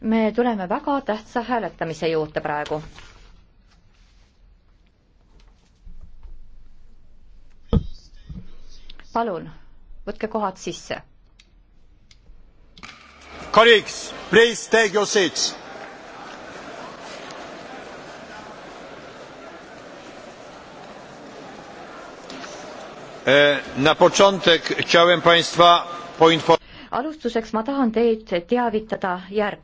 me tuleme väga tähtsa hääletamise juurde praegu. palun, võtke kohad sisse. Colleagues, please take your seats. E, na początek chciałem Państwa poinformować. alustuseks ma tahan teid teavitada järg-.